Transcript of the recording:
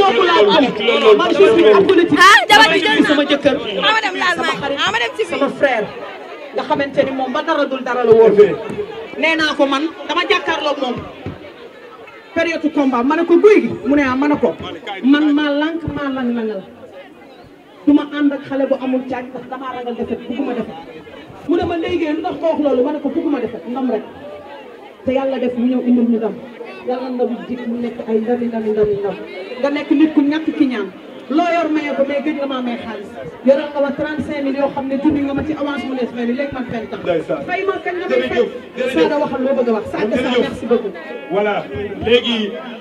kooku laa am man je suis apolitique dama gis sama jëkkër sama xarit sama frère nga xamante ni moom ba dara dul dara la wóor nee naa ko man dama jàkkaarloog moom période combat ma ne ko guy mu ne ah ma ne ko man maa lank maa lang langal du ma ànd ak xale bu amul caag ndax damaa ragal defet bugguma defet mu ne ma léegi lu tax ko wax loolu ma ko ko bugguma defet ndam rek te yàlla def mu ñëw indil ñu ndam yàlla ndam jik mu nekk ay ku ñàkk ki ñaan loo yor mayee ko xaalis yoral nga ma 35 mille yoo xam ne junni nga ma ci avance mu nees meli léegi man fenn tax fay ma kañ nga may fay Sada waxal loo bëgg a wax Sada merci beaucoup voilà léegi